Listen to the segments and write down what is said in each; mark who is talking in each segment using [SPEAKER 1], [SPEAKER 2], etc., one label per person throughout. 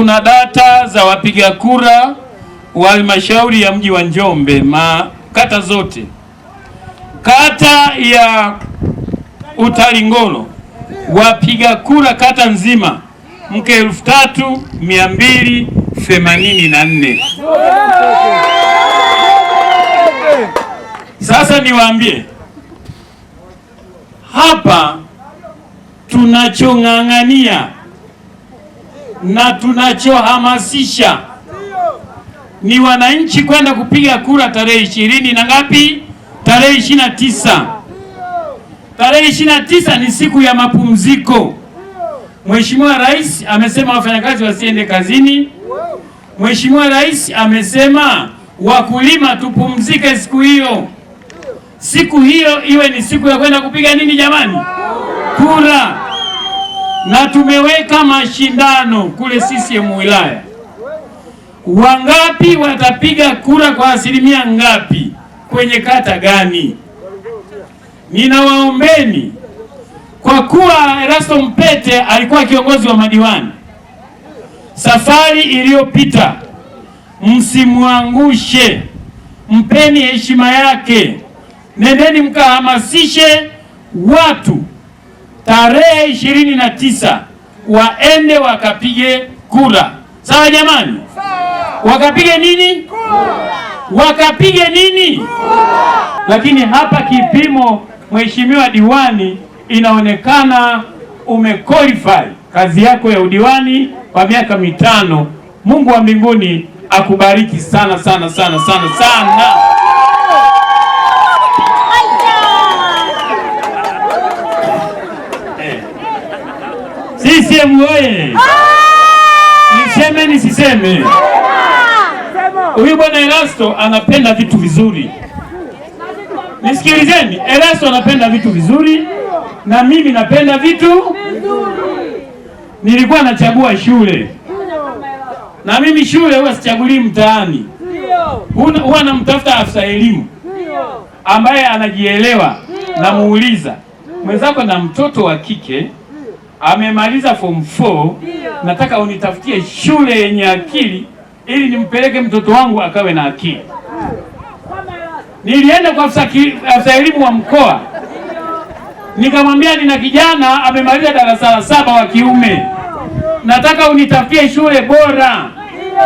[SPEAKER 1] Kuna data za wapiga kura wa halmashauri ya mji wa Njombe ma kata zote. Kata ya Utalingolo wapiga kura kata nzima mke elfu tatu mia mbili themanini na nne. Sasa niwaambie hapa tunachong'ang'ania na tunachohamasisha ni wananchi kwenda kupiga kura tarehe ishirini na ngapi? Tarehe ishirini na tisa. Tarehe ishirini na tisa ni siku ya mapumziko. Mheshimiwa Rais amesema wafanyakazi wasiende kazini. Mheshimiwa Rais amesema wakulima tupumzike siku hiyo. Siku hiyo iwe ni siku ya kwenda kupiga nini jamani? Kura na tumeweka mashindano kule CCM wilaya, wangapi watapiga kura kwa asilimia ngapi kwenye kata gani. Ninawaombeni, kwa kuwa Erasto Mpete alikuwa kiongozi wa madiwani safari iliyopita, msimwangushe, mpeni heshima yake, nendeni mkahamasishe watu tarehe ishirini na tisa waende wakapige kura. Sawa jamani, wakapige nini kura? Wakapige nini kura? Lakini hapa kipimo, mheshimiwa diwani, inaonekana umequalify kazi yako ya udiwani kwa miaka mitano. Mungu wa mbinguni akubariki sana sana sana sana sana. Mwalimu ah! oye! Niseme nisiseme? Huyu bwana Erasto anapenda vitu vizuri, nisikilizeni. Erasto anapenda vitu vizuri na mimi napenda vitu vizuri. Nilikuwa nachagua shule na mimi shule huwa sichagulii mtaani, huwa namtafuta afisa elimu ambaye anajielewa, namuuliza mwenzako na mtoto wa kike amemaliza form 4. Nataka unitafutie shule yenye akili ili nimpeleke mtoto wangu akawe na akili. Nilienda kwa afisa elimu wa mkoa nikamwambia, nina kijana amemaliza darasa la saba wa kiume, nataka unitafutie shule bora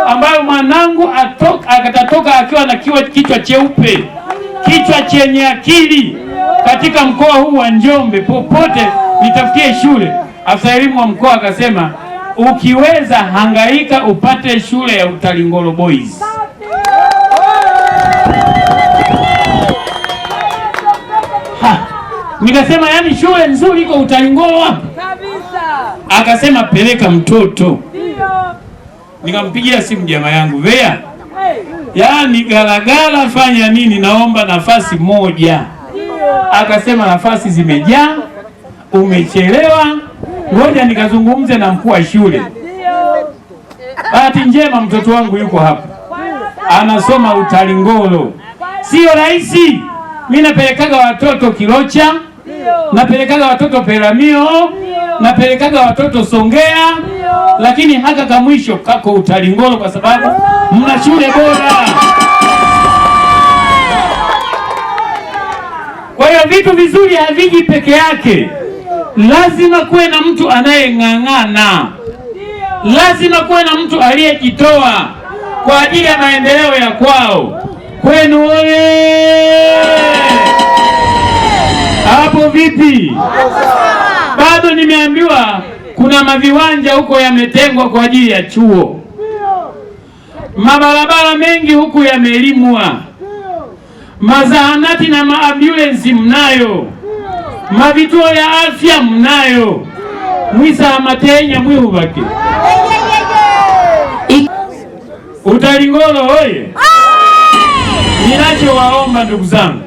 [SPEAKER 1] ambayo mwanangu atatoka akiwa na kichwa cheupe, kichwa chenye akili katika mkoa huu wa Njombe. Popote nitafutie shule afisa elimu wa mkoa akasema, ukiweza hangaika upate shule ya Utalingolo Boys. Nikasema yani shule nzuri iko Utalingolo wapi? Kabisa. Akasema peleka mtoto. Nikampigia simu jamaa yangu Vea, yaani galagala, fanya nini, naomba nafasi moja. Akasema nafasi zimejaa, umechelewa ngoja nikazungumze na mkuu wa shule. Bahati njema mtoto wangu yuko hapa anasoma Utalingolo, sio rahisi. Mimi napelekaga watoto Kilocha, napelekaga watoto Peramio, napelekaga watoto Songea, lakini haka ka mwisho kako Utalingolo kwa sababu mna shule bora. Kwa hiyo vitu vizuri haviji peke yake lazima kuwe na mtu anayeng'ang'ana, lazima kuwe na mtu aliyejitoa kwa ajili ya maendeleo ya kwao. Kwenu oye! Hapo vipi? Bado nimeambiwa kuna maviwanja huko yametengwa kwa ajili ya chuo, mabarabara mengi huku yamelimwa, mazahanati na maambulensi mnayo mavituo ya afya mnayo, mwisa amatenya mwihubake utalingolo oye. Ninachowaomba ndugu zangu,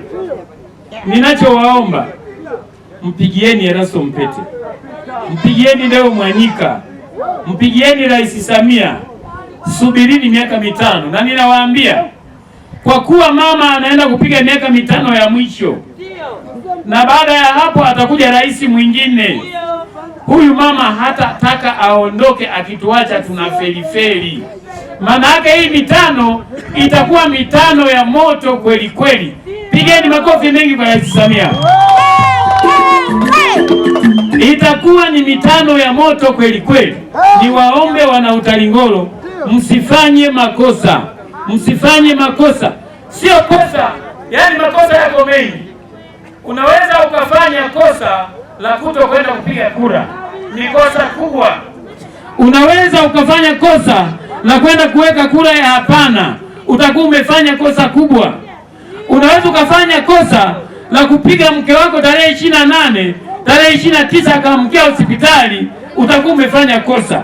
[SPEAKER 1] ninachowaomba mpigieni Erasto Mpete, mpigieni Ndeo Mwanyika, mpigieni Rais Samia, subirini miaka mitano, na ninawaambia kwa kuwa mama anaenda kupiga miaka mitano ya mwisho na baada ya hapo atakuja rais mwingine. Huyu mama hatataka aondoke, akituacha tuna felifeli. Maana yake hii mitano itakuwa mitano ya moto kweli kweli. Pigeni makofi mengi kwa Rais Samia. Itakuwa ni mitano ya moto kweli kweli. Ni waombe wana Utalingolo, msifanye makosa, msifanye makosa, sio kosa, yaani makosa yako mengi Unaweza ukafanya kosa la kutokwenda kupiga kura, ni kosa kubwa. Unaweza ukafanya kosa la kwenda kuweka kura ya hapana, utakuwa umefanya kosa kubwa. Unaweza ukafanya kosa la kupiga mke wako tarehe ishirini na nane tarehe ishirini na tisa akamkia hospitali, utakuwa umefanya kosa.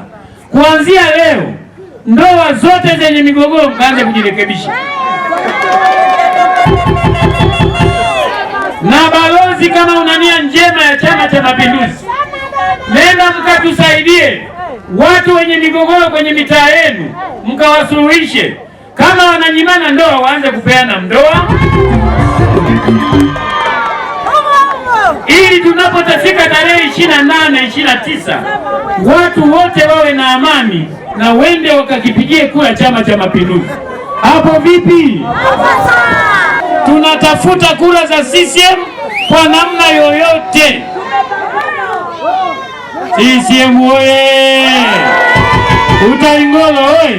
[SPEAKER 1] Kuanzia leo, ndoa zote zenye migogoro mkaanze kujirekebisha binafsi, kama una nia njema ya Chama cha Mapinduzi, nenda mkatusaidie watu wenye migogoro kwenye mitaa yenu, mkawasuluhishe. Kama wananyimana ndoa, waanze kupeana ndoa, ili tunapotafika tarehe ishirini na nane ishirini na tisa watu wote wawe na amani na wende wakakipigie kura Chama cha Mapinduzi. Hapo vipi? Tunatafuta kura za CCM kwa namna yoyote. CCM oye! Utaingolo oye!